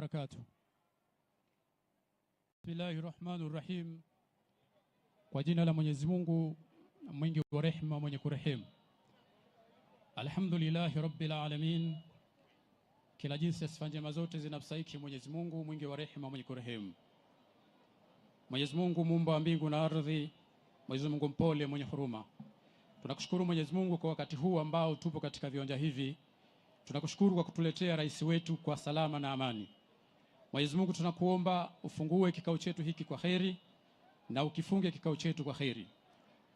wabarakatuh. Bismillahir Rahmanir Rahim. Kwa jina la Mwenyezi Mungu mwingi wa rehema mwenye kurehemu. Alhamdulillah Rabbil Alamin. Kila jinsi ya sifa njema zote zinamstahiki Mwenyezi Mungu mwingi wa rehema mwenye kurehemu. Mwenyezi Mungu muumba wa mbingu na ardhi, Mwenyezi Mungu mpole mwenye huruma. Tunakushukuru Mwenyezi Mungu kwa wakati huu ambao tupo katika viwanja hivi. Tunakushukuru kwa kutuletea rais wetu kwa salama na amani. Mwenyezi Mungu tunakuomba ufungue kikao chetu hiki kwa kheri na ukifunge kikao chetu kwa kheri.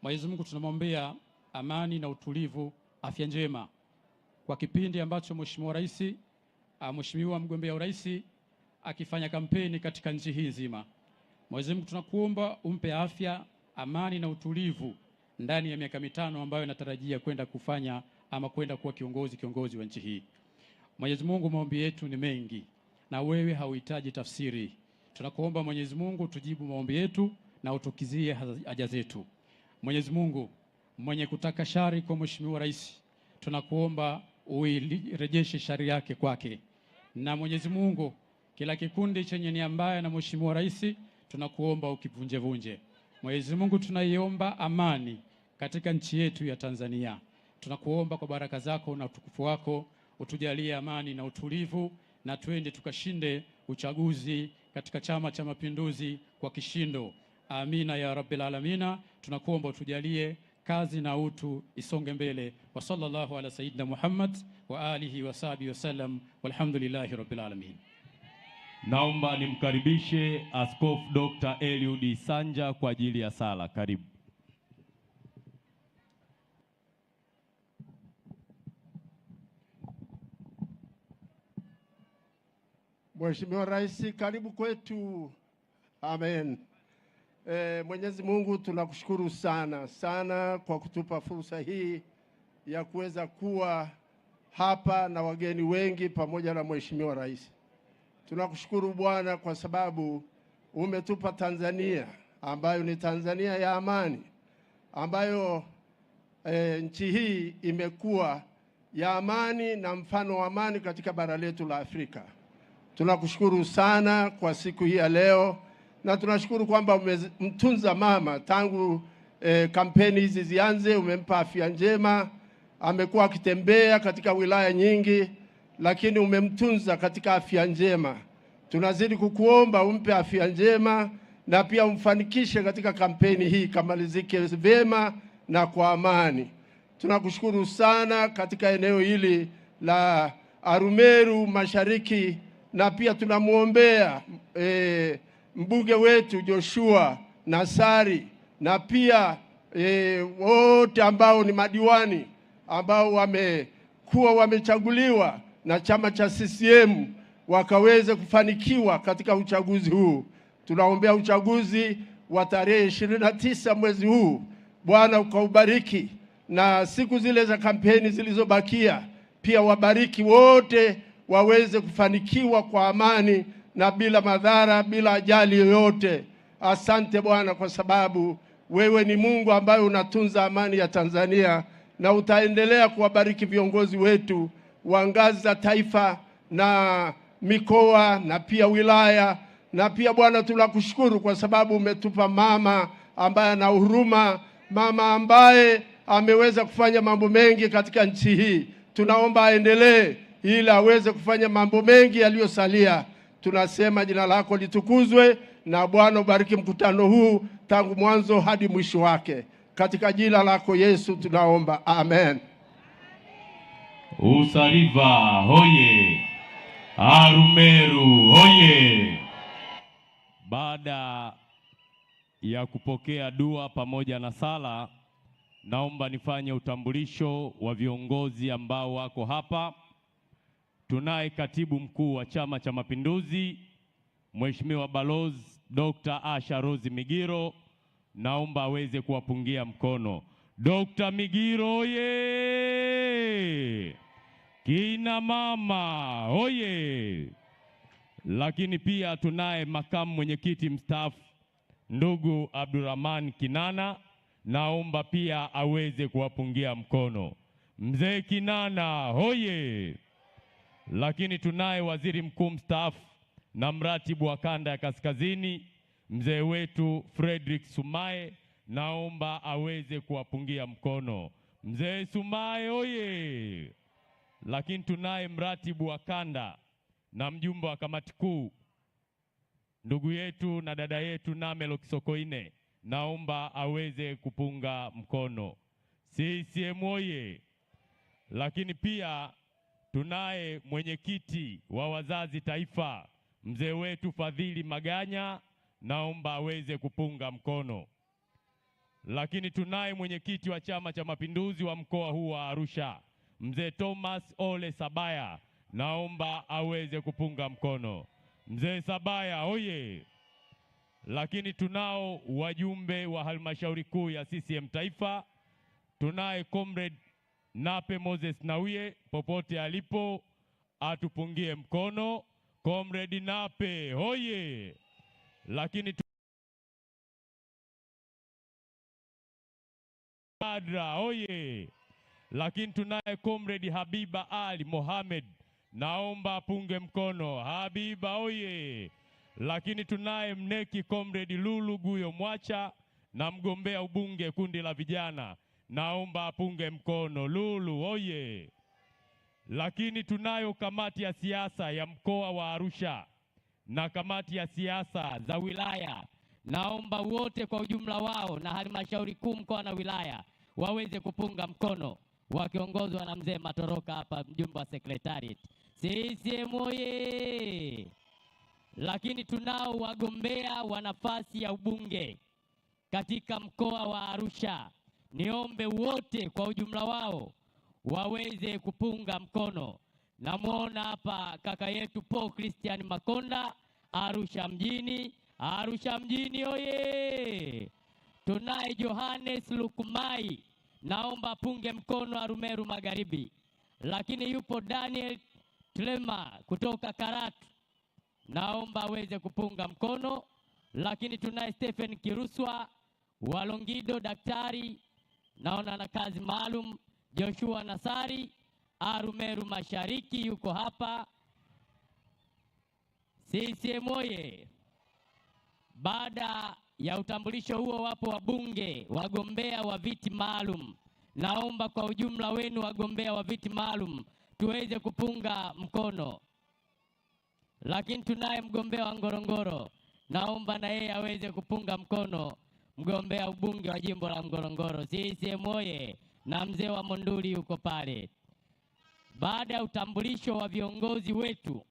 Mwenyezi Mungu tunamwombea amani na utulivu, afya njema kwa kipindi ambacho Mheshimiwa Rais, ah, Mheshimiwa mgombea urais akifanya kampeni katika nchi hii nzima. Mwenyezi Mungu tunakuomba umpe afya, amani na utulivu ndani ya miaka mitano ambayo natarajia kwenda kufanya ama kwenda kuwa kiongozi kiongozi wa nchi hii. Mwenyezi Mungu, maombi yetu ni mengi na wewe hauhitaji tafsiri. Tunakuomba Mwenyezi Mungu tujibu maombi yetu na utukizie haja zetu. Mwenyezi Mungu mwenye kutaka shari kwa Mheshimiwa Rais, tunakuomba uirejeshe shari yake kwake. Na Mwenyezi Mungu, kila kikundi chenye nia mbaya na Mheshimiwa Rais, tunakuomba ukivunjevunje. Mwenyezi Mungu, tunaiomba amani katika nchi yetu ya Tanzania. Tunakuomba kwa baraka zako na utukufu wako utujalie amani na utulivu na twende tukashinde uchaguzi katika Chama cha Mapinduzi kwa kishindo. Amina ya rabbil alamina. Tunakuomba utujalie kazi na utu isonge mbele. wa sallallahu ala sayyidina Muhammad wa alihi wa sahbihi wasallam, walhamdulillahi rabbil alamin. Naomba nimkaribishe Askofu Dr. Eliud Sanja kwa ajili ya sala. Karibu. Mheshimiwa Rais, karibu kwetu. Amen. E, Mwenyezi Mungu tunakushukuru sana sana kwa kutupa fursa hii ya kuweza kuwa hapa na wageni wengi pamoja na Mheshimiwa Rais. Tunakushukuru Bwana kwa sababu umetupa Tanzania ambayo ni Tanzania ya amani ambayo e, nchi hii imekuwa ya amani na mfano wa amani katika bara letu la Afrika. Tunakushukuru sana kwa siku hii ya leo na tunashukuru kwamba umemtunza mama tangu eh, kampeni hizi zianze, umempa afya njema. Amekuwa akitembea katika wilaya nyingi, lakini umemtunza katika afya njema. Tunazidi kukuomba umpe afya njema na pia umfanikishe katika kampeni hii, kamalizike vyema na kwa amani. Tunakushukuru sana katika eneo hili la Arumeru Mashariki na pia tunamwombea e, mbunge wetu Joshua Nassari na pia e, wote ambao ni madiwani ambao wamekuwa wamechaguliwa na chama cha CCM wakaweze kufanikiwa katika uchaguzi huu. Tunaombea uchaguzi wa tarehe ishirini na tisa mwezi huu, Bwana ukaubariki, na siku zile za kampeni zilizobakia pia wabariki wote waweze kufanikiwa kwa amani na bila madhara, bila ajali yoyote. Asante Bwana, kwa sababu wewe ni Mungu ambaye unatunza amani ya Tanzania na utaendelea kuwabariki viongozi wetu wa ngazi za taifa na mikoa na pia wilaya. Na pia Bwana, tunakushukuru kwa sababu umetupa mama ambaye ana huruma, mama ambaye ameweza kufanya mambo mengi katika nchi hii. Tunaomba aendelee ili aweze kufanya mambo mengi yaliyosalia. Tunasema jina lako litukuzwe, na Bwana ubariki mkutano huu tangu mwanzo hadi mwisho wake, katika jina lako Yesu tunaomba, amen. Usaliva hoye! Arumeru hoye! Baada ya kupokea dua pamoja na sala, naomba nifanye utambulisho wa viongozi ambao wako hapa. Tunaye katibu mkuu wa Chama cha Mapinduzi, Mheshimiwa Balozi Dr. Asha Rose Migiro, naomba aweze kuwapungia mkono. Dr. Migiro oye! Kina mama oye! Lakini pia tunaye makamu mwenyekiti mstaafu ndugu Abdurrahman Kinana, naomba pia aweze kuwapungia mkono. Mzee Kinana hoye! Lakini tunaye waziri mkuu mstaafu na mratibu wa kanda ya kaskazini mzee wetu Frederick Sumaye, naomba aweze kuwapungia mkono mzee Sumaye oye! Lakini tunaye mratibu wa kanda na mjumbe wa kamati kuu ndugu yetu na dada yetu Namelo Kisokoine, naomba aweze kupunga mkono. CCM oye! Lakini pia tunaye mwenyekiti wa wazazi taifa mzee wetu Fadhili Maganya, naomba aweze kupunga mkono. Lakini tunaye mwenyekiti wa Chama cha Mapinduzi wa mkoa huu wa Arusha mzee Thomas Ole Sabaya, naomba aweze kupunga mkono. Mzee Sabaya oye! Lakini tunao wajumbe wa halmashauri kuu ya CCM taifa, tunaye comrade Nape Moses Nauye popote alipo atupungie mkono. Comrade Nape hoye! Lakini Badra hoye! Lakini tunaye Comrade Habiba Ali Mohamed, naomba apunge mkono. Habiba hoye! Lakini tunaye mneki Comrade Lulu Guyo Mwacha na mgombea ubunge kundi la vijana naomba apunge mkono. Lulu oye! Lakini tunayo kamati ya siasa ya mkoa wa Arusha na kamati ya siasa za wilaya, naomba wote kwa ujumla wao na halmashauri kuu mkoa na wilaya waweze kupunga mkono wakiongozwa na mzee Matoroka hapa, mjumbe wa secretariat. CCM oye! Lakini tunao wagombea wa nafasi ya ubunge katika mkoa wa Arusha niombe wote kwa ujumla wao waweze kupunga mkono. Namwona hapa kaka yetu Paul Christian Makonda, Arusha mjini. Arusha mjini oye! Tunaye Johannes Lukumai, naomba apunge mkono Arumeru Magharibi. Lakini yupo Daniel Tlema kutoka Karatu, naomba aweze kupunga mkono. Lakini tunaye Stephen Kiruswa Walongido, daktari naona na kazi maalum Joshua Nasari Arumeru Mashariki yuko hapa. CCM oye! Baada ya utambulisho huo, wapo wabunge wagombea wa viti maalum. Naomba kwa ujumla wenu wagombea wa viti maalum tuweze kupunga mkono, lakini tunaye mgombea wa Ngorongoro, naomba na yeye aweze kupunga mkono mgombea ubunge wa jimbo la Ngorongoro CCM oye, na mzee wa Monduli yuko pale. Baada ya utambulisho wa viongozi wetu,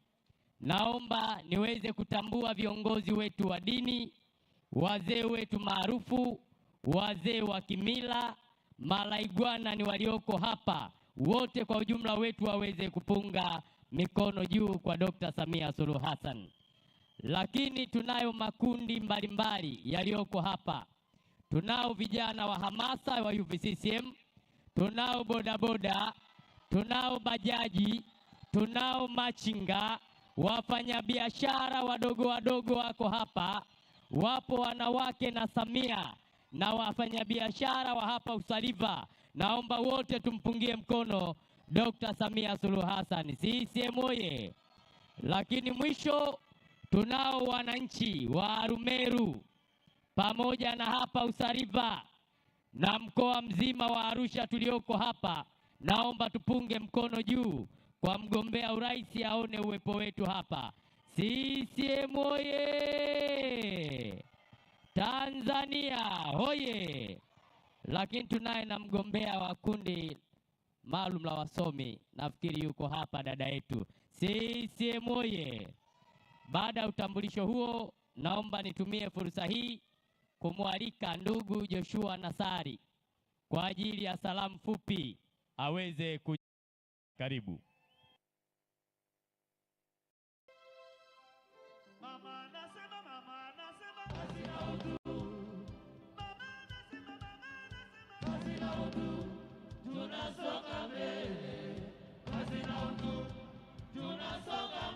naomba niweze kutambua viongozi wetu wa dini, wazee wetu maarufu, wazee wa kimila, malaigwana ni walioko hapa wote kwa ujumla wetu waweze kupunga mikono juu kwa Dr. Samia Suluhu Hassan. Lakini tunayo makundi mbalimbali yaliyoko hapa. Tunao vijana wa hamasa wa UVCCM, tunao bodaboda, tunao bajaji, tunao machinga, wafanyabiashara wadogo wadogo wako hapa, wapo wanawake na Samia na wafanyabiashara wa hapa Usaliva. Naomba wote tumpungie mkono Dr. Samia Suluhu Hassan, CCM oye! Lakini mwisho tunao wananchi wa Arumeru pamoja na hapa Usariva na mkoa mzima wa Arusha tulioko hapa, naomba tupunge mkono juu kwa mgombea urais aone uwepo wetu hapa. CCM oye! Tanzania hoye! Lakini tunaye na mgombea wa kundi maalum la wasomi, nafikiri yuko hapa dada yetu. CCM oye! Baada ya utambulisho huo, naomba nitumie fursa hii kumwalika ndugu Joshua Nassari kwa ajili ya salamu fupi aweze ku karibu. tunasonga mbele, hazina utu, tunasonga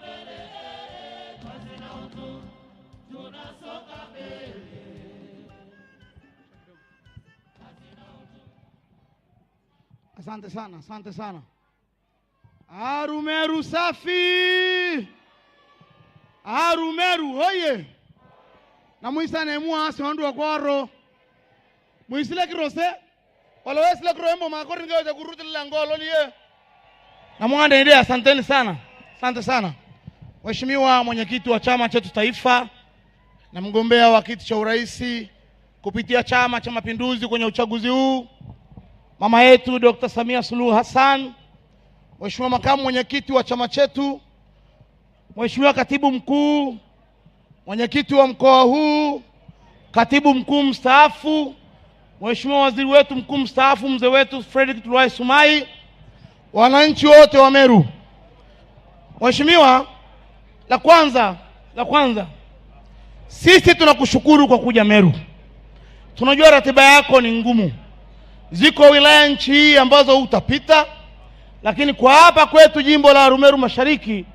Asante sana, asante sana. Arumeru safi. Arumeru hoye. Na muisa ne mu asi ondu Muisile kirose. Wala wesile kroembo makori ngawe za ngolo niye Na mwande ndio asanteni sana. Asante sana. Mheshimiwa mwenyekiti wa chama chetu taifa na mgombea wa kiti cha urais kupitia Chama cha Mapinduzi kwenye uchaguzi huu mama yetu Dr. Samia Suluhu Hassan, Mheshimiwa makamu mwenyekiti wa chama chetu, Mheshimiwa katibu mkuu, mwenyekiti wa mkoa huu, katibu mkuu mstaafu, Mheshimiwa waziri wetu mkuu mstaafu, mzee wetu Frederick Tuluai Sumai, wananchi wote wa Meru. Mheshimiwa, la kwanza la kwanza, sisi tunakushukuru kwa kuja Meru. Tunajua ratiba yako ni ngumu Ziko wilaya nchi hii ambazo utapita, lakini kwa hapa kwetu jimbo la Arumeru Mashariki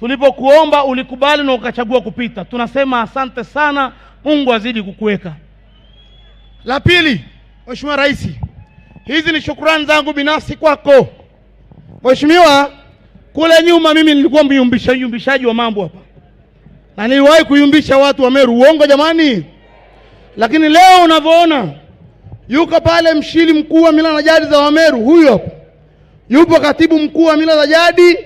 tulipokuomba ulikubali na ukachagua kupita, tunasema asante sana, Mungu azidi kukuweka. La pili, Mheshimiwa Rais, hizi ni shukrani zangu binafsi kwako Mheshimiwa. Kule nyuma mimi nilikuwa myumbisha yumbishaji wa mambo hapa na niliwahi kuyumbisha watu wa Meru, uongo jamani? Lakini leo unavyoona yuko pale mshili mkuu wa mila na jadi za Wameru, huyo hapo. Yupo katibu mkuu wa mila za jadi,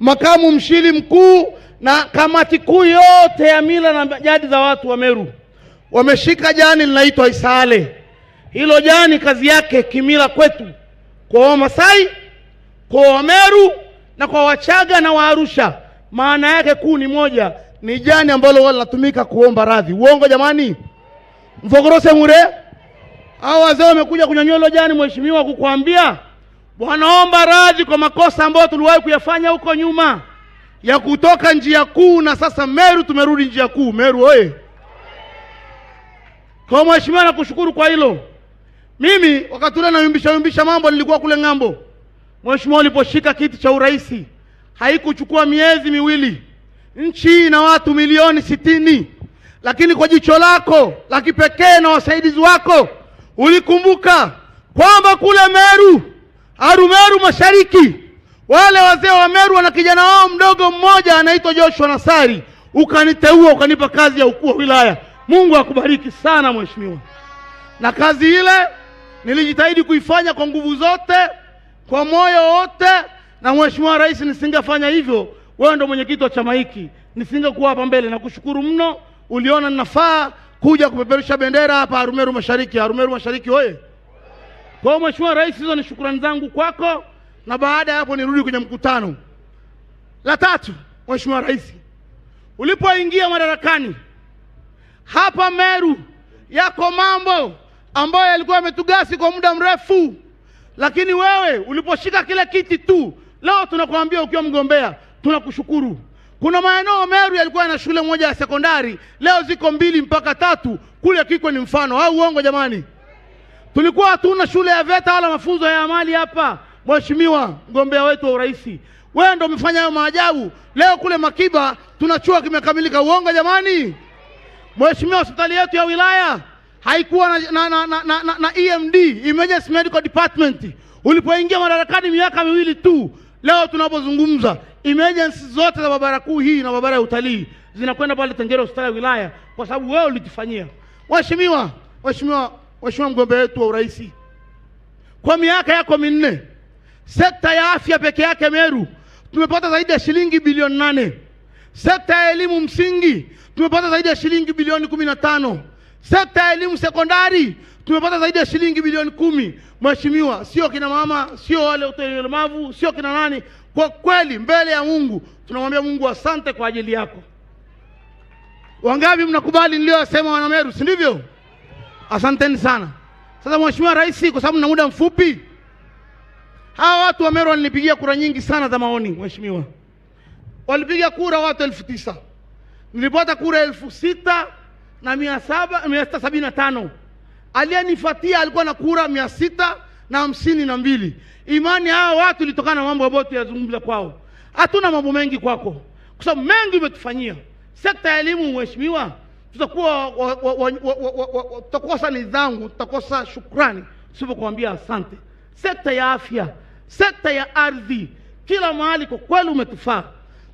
makamu mshili mkuu na kamati kuu yote ya mila na jadi za watu wa Meru wameshika jani linaitwa isale. Hilo jani kazi yake kimila kwetu, kwa Wamasai, kwa Wameru na kwa Wachaga na Waarusha, maana yake kuu ni moja, ni jani ambalo linatumika kuomba radhi. Uongo jamani, mvogorose mure hao wazee wamekuja kunyanyua jani, mheshimiwa, kukuambia wanaomba radhi kwa makosa ambayo tuliwahi kuyafanya huko nyuma ya kutoka njia kuu, na sasa Meru tumerudi njia kuu. Meru oye! Kwa mheshimiwa, nakushukuru kwa hilo. Mimi wakati ule nayumbisha yumbisha mambo, nilikuwa kule ng'ambo. Mheshimiwa, uliposhika kiti cha urais haikuchukua miezi miwili, nchi ina watu milioni sitini, lakini kwa jicho lako la kipekee na wasaidizi wako ulikumbuka kwamba kule Meru, Arumeru Mashariki, wale wazee wa Meru wana kijana wao mdogo mmoja anaitwa Joshua nasari ukaniteua ukanipa kazi ya ukuu wa wilaya. Mungu akubariki sana mheshimiwa. Na kazi ile nilijitahidi kuifanya kwa nguvu zote, kwa moyo wote, na mheshimiwa rais, nisingefanya hivyo, wewe ndo mwenyekiti wa chama hiki, nisingekuwa hapa mbele. Nakushukuru mno, uliona ninafaa kuja kupeperusha bendera hapa Arumeru Mashariki. Arumeru Mashariki oye! Kwa hiyo Mheshimiwa Rais, hizo ni shukrani zangu kwako, na baada ya hapo nirudi kwenye mkutano. La tatu, Mheshimiwa Rais, ulipoingia madarakani hapa Meru yako mambo ambayo yalikuwa yametugasi kwa muda mrefu, lakini wewe uliposhika kile kiti tu, leo tunakuambia ukiwa mgombea, tunakushukuru. Kuna maeneo Meru yalikuwa na shule moja ya sekondari, leo ziko mbili mpaka tatu. Kule Kikwe ni mfano au uongo jamani? Tulikuwa hatuna shule ya VETA wala mafunzo ya amali hapa. Mheshimiwa mgombea wetu wa urais, wewe ndio umefanya hayo maajabu. Leo kule Makiba tuna chuo kimekamilika, uongo jamani? Mheshimiwa, hospitali yetu ya wilaya haikuwa na, na, na, na, na, na, na EMD, Emergency Medical Department. Ulipoingia madarakani miaka miwili tu Leo tunapozungumza emergency zote za barabara kuu hii na barabara ya utalii zinakwenda pale Tengere hospitali ya wilaya, kwa sababu wewe ulitifanyia. Waheshimiwa, waheshimiwa, waheshimiwa, mgombea wetu wa urais, kwa miaka yako minne, sekta ya afya peke yake Meru tumepata zaidi ya shilingi bilioni nane. Sekta ya elimu msingi tumepata zaidi ya shilingi bilioni kumi na tano. Sekta ya elimu sekondari tumepata zaidi ya shilingi bilioni kumi, mheshimiwa, sio kina mama, sio wale ulemavu, sio kina nani. Kwa kweli mbele ya Mungu tunamwambia Mungu asante kwa ajili yako. Wangapi mnakubali niliyosema Meru, si ndivyo? Asanteni sana. Sasa mheshimiwa rais, kwa sababu na muda mfupi, hawa watu wa Meru walinipigia kura nyingi sana za maoni. Mheshimiwa, walipiga kura watu elfu tisa nilipata kura elfu sita na mia saba mia sita sabini na tano aliyenifuatia alikuwa na kura mia sita na hamsini na mbili imani hawa watu ilitokana na mambo ambayo tuyazungumza kwao hatuna mambo mengi kwako kwa sababu mengi umetufanyia sekta ya elimu mheshimiwa tutakuwa tutakosa nidhamu tutakosa shukrani usipokuambia asante sekta ya afya sekta ya ardhi kila mahali kwa kweli umetufaa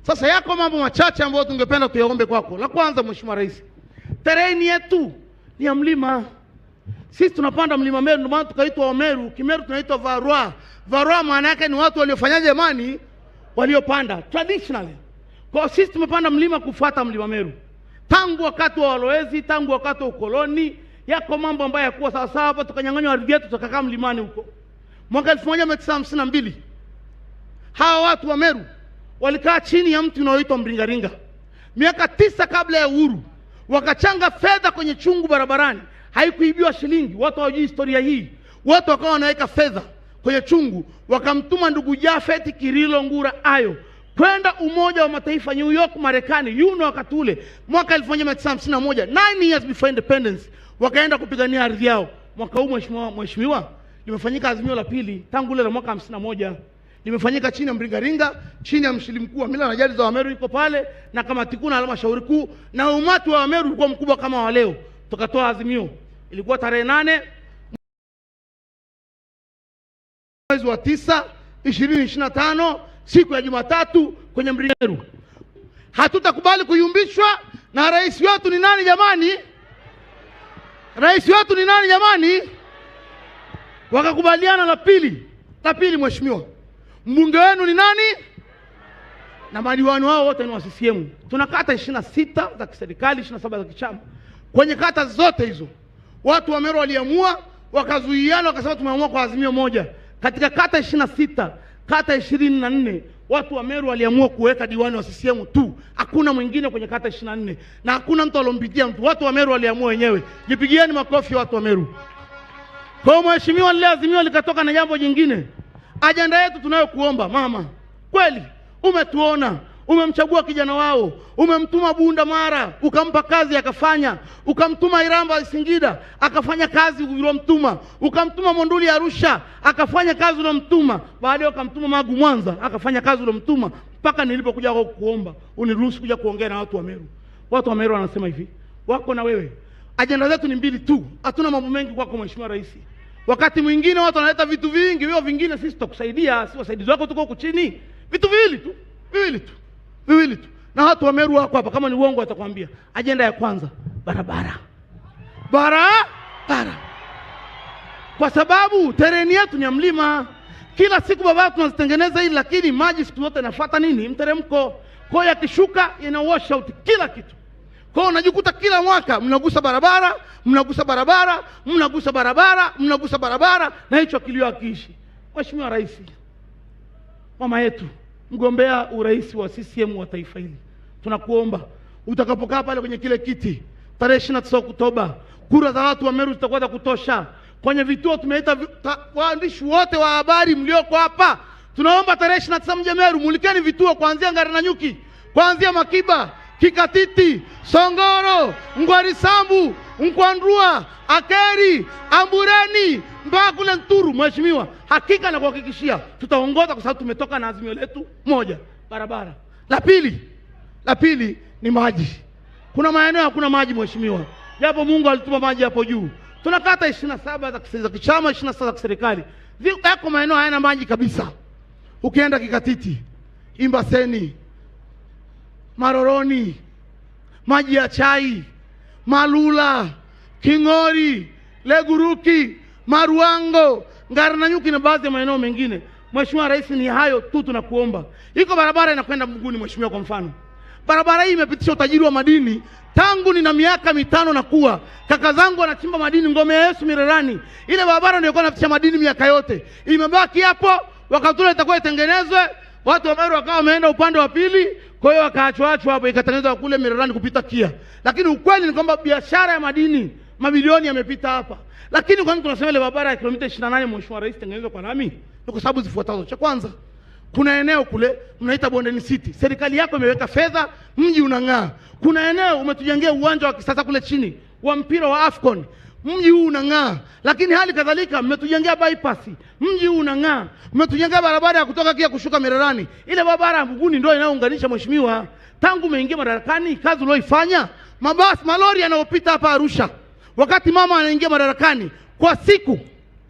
sasa yako mambo machache ambayo tungependa tuyaombe kwako la kwanza mheshimiwa rais tereni yetu ni ya mlima. Sisi tunapanda mlima Meru, ndio maana tukaitwa Wameru. Kimeru tunaitwa Varua. Varua maana yake ni watu waliofanya jamani, waliopanda traditionally. Kwa sisi tumepanda mlima kufuata mlima Meru tangu wakati wa walowezi, tangu wakati wa ukoloni. Yako mambo ambayo yakuwa sawa sawa hapa, tukanyang'anywa ardhi yetu, tukakaa mlimani huko. Mwaka elfu moja mia tisa hamsini na mbili hawa watu wa Meru walikaa chini ya mti unaoitwa mringaringa miaka tisa kabla ya uhuru wakachanga fedha kwenye chungu barabarani, haikuibiwa shilingi. Watu hawajui historia hii. Watu wakawa wanaweka fedha kwenye chungu, wakamtuma ndugu Jafeti Kirilo Ngura ayo kwenda Umoja wa Mataifa New York Marekani, yuno wakati ule mwaka 1951 9 years before independence, wakaenda kupigania ardhi yao. Mwaka huu mheshimiwa, mheshimiwa, limefanyika azimio la pili tangu ile la mwaka 51 limefanyika chini ya mringaringa, chini ya mshili mkuu wa mila na jadi za Wameru iko pale na kamati kuu na halmashauri kuu, na umati wa Wameru ulikuwa mkubwa kama wa leo. Tukatoa azimio, ilikuwa tarehe nane mwezi wa tisa ishirini ishirini na tano siku ya Jumatatu kwenye Mringeru. Hatutakubali kuyumbishwa. Na rais wetu ni nani jamani? Rais wetu ni nani jamani? Wakakubaliana la pili, la pili, mheshimiwa mbunge wenu ni nani? Na madiwani wao wote ni wa CCM. Tuna kata ishirini na sita za kiserikali, ishirini na saba za kichama. Kwenye kata zote hizo watu wa Meru waliamua, wakazuiana, wakasema tumeamua kwa azimio moja. Katika kata ishirini na sita kata ishirini na nne watu wa Meru waliamua kuweka diwani wa CCM tu, hakuna mwingine kwenye kata ishirini na nne na hakuna mtu alompitia mtu. Watu wa Meru waliamua wenyewe. Jipigieni makofi watu wa Meru. Kwa hiyo mheshimiwa, lile azimio likatoka na jambo jingine ajenda yetu tunayokuomba mama, kweli umetuona umemchagua kijana wao, umemtuma Bunda Mara ukampa kazi akafanya, ukamtuma Iramba Singida akafanya kazi uliomtuma, ukamtuma Monduli Arusha akafanya kazi uliomtuma, baadaye ukamtuma Magu Mwanza akafanya kazi uliomtuma, mpaka nilipokuja kwa kuomba uniruhusu kuja kuongea na watu wa Meru. Watu wa Meru wanasema hivi, wako na wewe. Ajenda zetu ni mbili tu, hatuna mambo mengi kwako Mheshimiwa Rais. Wakati mwingine watu wanaleta vitu vingi, hiyo vingine sisi tutakusaidia, si wasaidizi wako tuko huku chini, vitu viwili tu viwili tu viwili tu. Na watu wa Meru wako hapa, kama ni uongo watakwambia. Ajenda ya kwanza barabara, barabara, kwa sababu tereni yetu ni ya mlima. Kila siku barabara tunazitengeneza hili, lakini maji siku zote inafuata nini? Mteremko. Kwa hiyo yakishuka, inaosha kila kitu. Kwa unajikuta kila mwaka mnagusa barabara, mnagusa barabara, mnagusa barabara, mnagusa barabara, na hicho kilio hakiishi. Mheshimiwa Rais, mama yetu, mgombea urais wa CCM wa taifa hili, tunakuomba utakapokaa pale kwenye kile kiti tarehe ishirini na tisa Oktoba, kura za watu wa Meru zitakuwa za kutosha. Kwenye vituo tumeita waandishi wote wa habari mlioko hapa, tunaomba tarehe ishirini na tisa mje Meru, mulikeni vituo kuanzia Ngarenanyuki, kuanzia Makiba Kikatiti, Songoro, Ngwarisambu, Nkwandua, Akeri, Ambureni mpaka kule Nturu. Mheshimiwa, hakika na kuhakikishia tutaongoza kwa sababu tumetoka na azimio letu moja, barabara. La pili, la pili ni maji. Kuna maeneo hakuna maji mheshimiwa, japo Mungu alituma maji hapo juu. Tuna kata ishirini na saba za kichama, 27 na saba za kiserikali, yako maeneo hayana maji kabisa. Ukienda Kikatiti, Imbaseni maroroni, maji ya chai, malula, king'ori, leguruki, maruango, ngarananyuki na baadhi ya maeneo mengine. Mheshimiwa Rais, ni hayo tu tunakuomba. Iko barabara inakwenda Mguni, mheshimiwa, kwa mfano barabara hii imepitisha utajiri wa madini tangu nina miaka mitano na kuwa kaka zangu wanachimba madini ngome ya Yesu Mirerani. Ile barabara ndio ilikuwa inapitisha madini miaka yote, imebaki hapo, wakati ule itakuwa itengenezwe watu wa Meru wakawa wameenda upande wa pili, kwa hiyo wakaachwaachwa hapo, ikatengenezwa kule Mererani kupita Kia. Lakini ukweli ni kwamba biashara ya madini mabilioni yamepita hapa, lakini kwa nini tunasema ile barabara ya kilomita 28 Mheshimiwa Rais tengenezwa kwa lami? Ni kwa sababu zifuatazo. Cha kwanza, kuna eneo kule mnaita Bondeni City, serikali yako imeweka fedha, mji unang'aa. Kuna eneo umetujengea uwanja wa kisasa kule chini wa mpira wa Afcon mji huu unang'aa, lakini hali kadhalika mmetujengea bypass, mji huu unang'aa, mmetujengea barabara ya kutoka kia kushuka Mererani. Ile barabara ya Mbuguni ndio inayounganisha mheshimiwa, tangu umeingia madarakani, kazi ulioifanya, mabasi malori yanayopita hapa Arusha, wakati mama anaingia madarakani, kwa siku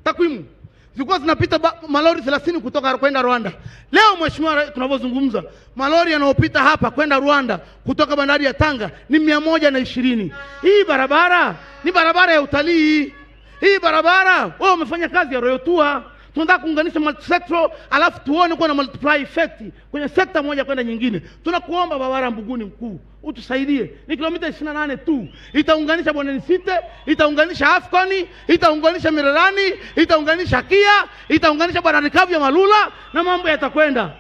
takwimu zilikuwa zinapita malori 30 kutoka kwenda Rwanda. Leo mheshimiwa, tunavyozungumza malori yanayopita hapa kwenda Rwanda kutoka bandari ya Tanga ni mia moja na ishirini. Hii barabara ni barabara ya utalii. Hii barabara wewe umefanya kazi ya Royal Tour tunataka kuunganisha multisector alafu tuone kuwa na multiply effect kwenye sekta moja kwenda nyingine. Tunakuomba Bawara Mbuguni mkuu utusaidie, ni kilomita 28 tu, itaunganisha Bondeni site, itaunganisha Afkoni, itaunganisha Mirerani, itaunganisha Kia, itaunganisha bandari kavu ya Malula na mambo yatakwenda.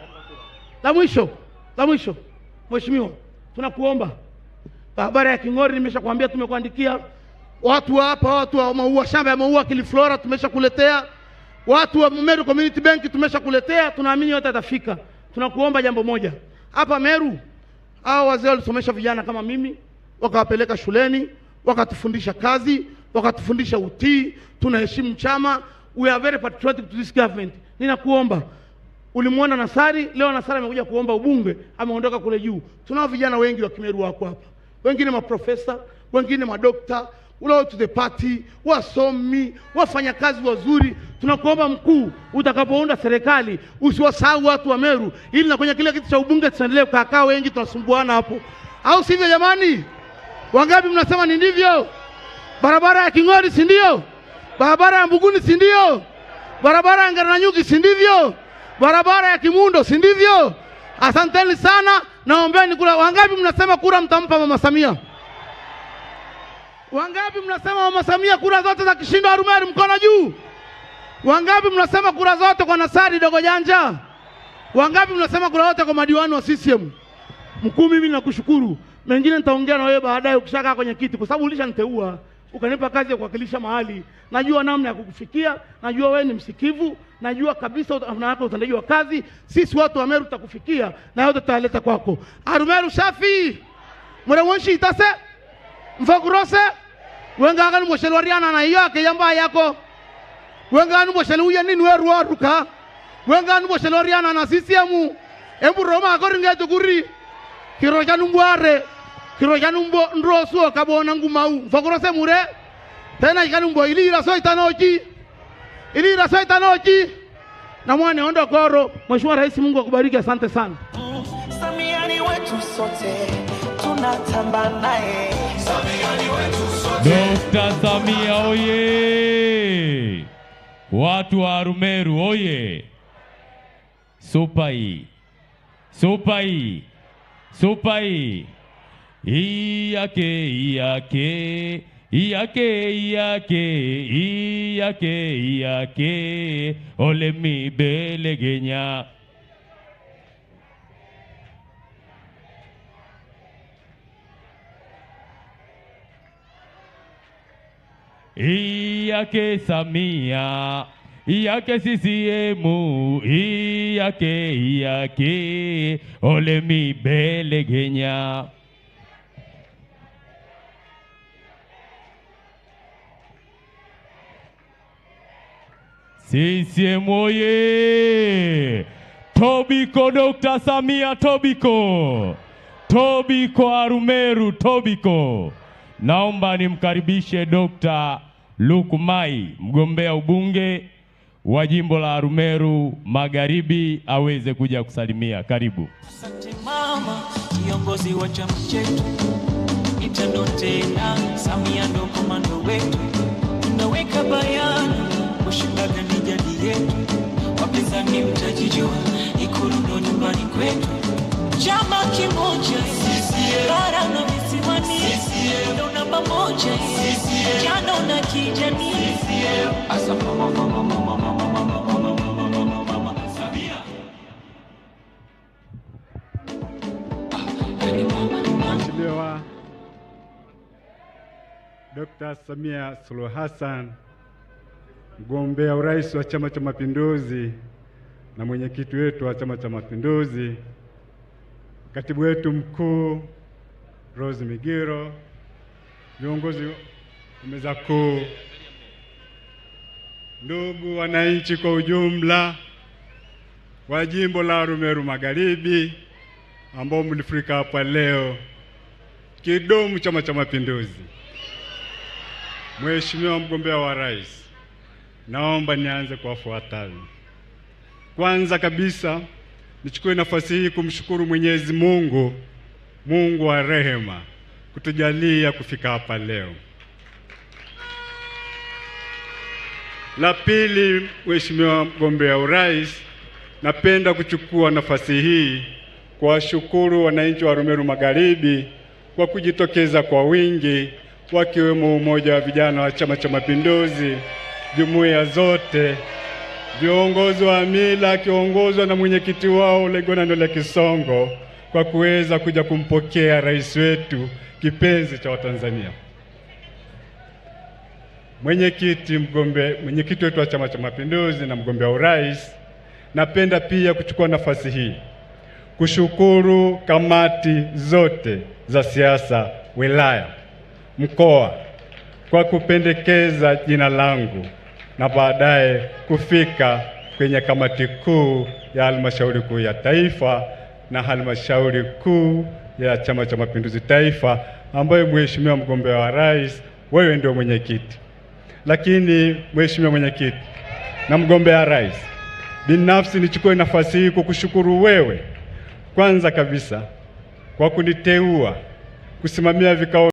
La mwisho, la mwisho, mheshimiwa, tunakuomba barabara ya King'ori, nimeshakwambia tumekuandikia watu hapa, watu wa maua, shamba ya maua Kiliflora tumeshakuletea Watu wa Meru Community Bank tumeshakuletea, tunaamini yote atafika. Tunakuomba jambo moja hapa Meru, hao wazee walisomesha vijana kama mimi, wakawapeleka shuleni, wakatufundisha kazi, wakatufundisha utii, tunaheshimu chama. We are very patriotic to this government. Ninakuomba, ulimwona Nasari leo, Nasari amekuja kuomba ubunge, ameondoka kule juu. Tunao vijana wengi wa Kimeru wako hapa, wengine maprofesa, wengine madokta party, wasomi, wafanya kazi wazuri. Tunakuomba mkuu, utakapounda serikali usiwasahau watu wa Meru, ili na kwenye kile kitu cha ubunge tusiendelee kukaakaa wengi, tunasumbuana hapo, au sivyo? Jamani, wangapi mnasema ni ndivyo? Barabara ya King'ori, si ndio? Barabara ya Mbuguni, si ndio? Barabara ya Ngarananyuki, si ndivyo? Barabara ya Kimundo, si ndivyo? Asanteni sana, naombeni kura. Wangapi mnasema kura mtampa mama Samia? Wangapi mnasema Mama Samia kura zote za kishindo Arumeru, mkono juu. Wangapi mnasema kura zote kwa Nasari Dogo Janja? Wangapi mnasema kura zote kwa madiwani wa CCM? Mkuu, mimi nakushukuru, mengine nitaongea na wewe baadaye ukishakaa kwenye kiti, kwa sababu ulishaniteua ukanipa kazi ya kuwakilisha mahali. Najua namna ya kukufikia, najua wewe ni msikivu, najua kabisa namna yako utendaji wa kazi. Sisi watu wa Meru tutakufikia na yote tutaleta kwako. Arumeru safi mwerewenshi itase mfakurose wengaga ni musheli wariana na iyo ake yamba yako wengaga ni musheli uye nini werua ruka wengaga ni musheli wariana na CCM emburoma akoringe tukuri kiro cha numbware kiro cha numbo ndrosuo kabona ngumau mfakurose mure tena ikanumbo ilira so itanoji ilira so itanoji na mwane ondo koro mheshimiwa rais mungu akubariki asante sana oh, samiani wetu sote tunatamba naye Dr. Samia oye! Watu wa Arumeru oye! Supai, supai, supai! Iyake, iyake, iyake, iyake, iyake, iyake, ole mi belegenya yake Samia yake CCM yake yake ole mibelegenya CCM oye! Tobiko Dr. Samia Tobiko, Tobiko Arumeru Tobiko. Naomba nimkaribishe Dr. Lukumai mgombea ubunge wa jimbo la Arumeru Magharibi aweze kuja kusalimia. Karibu. Asante mama, kiongozi wa chama chetu, kitendo tena, Samia ndo komando wetu, tunaweka bayana kushindaga ni jadi yetu, wapinzani mtajijua, Ikulu ndo nyumbani kwetu chama pamoja jana na kijamii Mheshimiwa Dr. Samia Suluhu Hassan mgombea urais wa Chama cha Mapinduzi na mwenyekiti wetu wa Chama cha Mapinduzi, katibu wetu mkuu Rose Migiro viongozi wa meza kuu, ndugu wananchi kwa ujumla wa jimbo la Rumeru Magharibi ambao mlifurika hapa leo, kidumu Chama cha Mapinduzi! Mheshimiwa mgombea wa rais, naomba nianze kwa wafuatavyo. Kwanza kabisa nichukue nafasi hii kumshukuru Mwenyezi Mungu, Mungu wa rehema kutujalia kufika hapa leo. La pili, Mheshimiwa mgombea urais, napenda kuchukua nafasi hii kuwashukuru wananchi wa Arumeru Magharibi kwa kujitokeza kwa wingi, wakiwemo umoja wa vijana wa Chama cha Mapinduzi, jumuiya zote, viongozi wa mila akiongozwa na mwenyekiti wao Legonando la Kisongo kwa kuweza kuja kumpokea rais wetu kipenzi cha Watanzania. Mwenyekiti mgombe, mwenyekiti wetu wa Chama cha Mapinduzi na mgombea urais, napenda pia kuchukua nafasi hii kushukuru kamati zote za siasa wilaya, mkoa kwa kupendekeza jina langu na baadaye kufika kwenye kamati kuu ya halmashauri kuu ya taifa na halmashauri kuu ya Chama cha Mapinduzi Taifa, ambayo mheshimiwa mgombea wa rais, wewe ndio mwenyekiti. Lakini mheshimiwa mwenyekiti na mgombea rais, binafsi nichukue nafasi hii kukushukuru wewe kwanza kabisa kwa kuniteua kusimamia vikao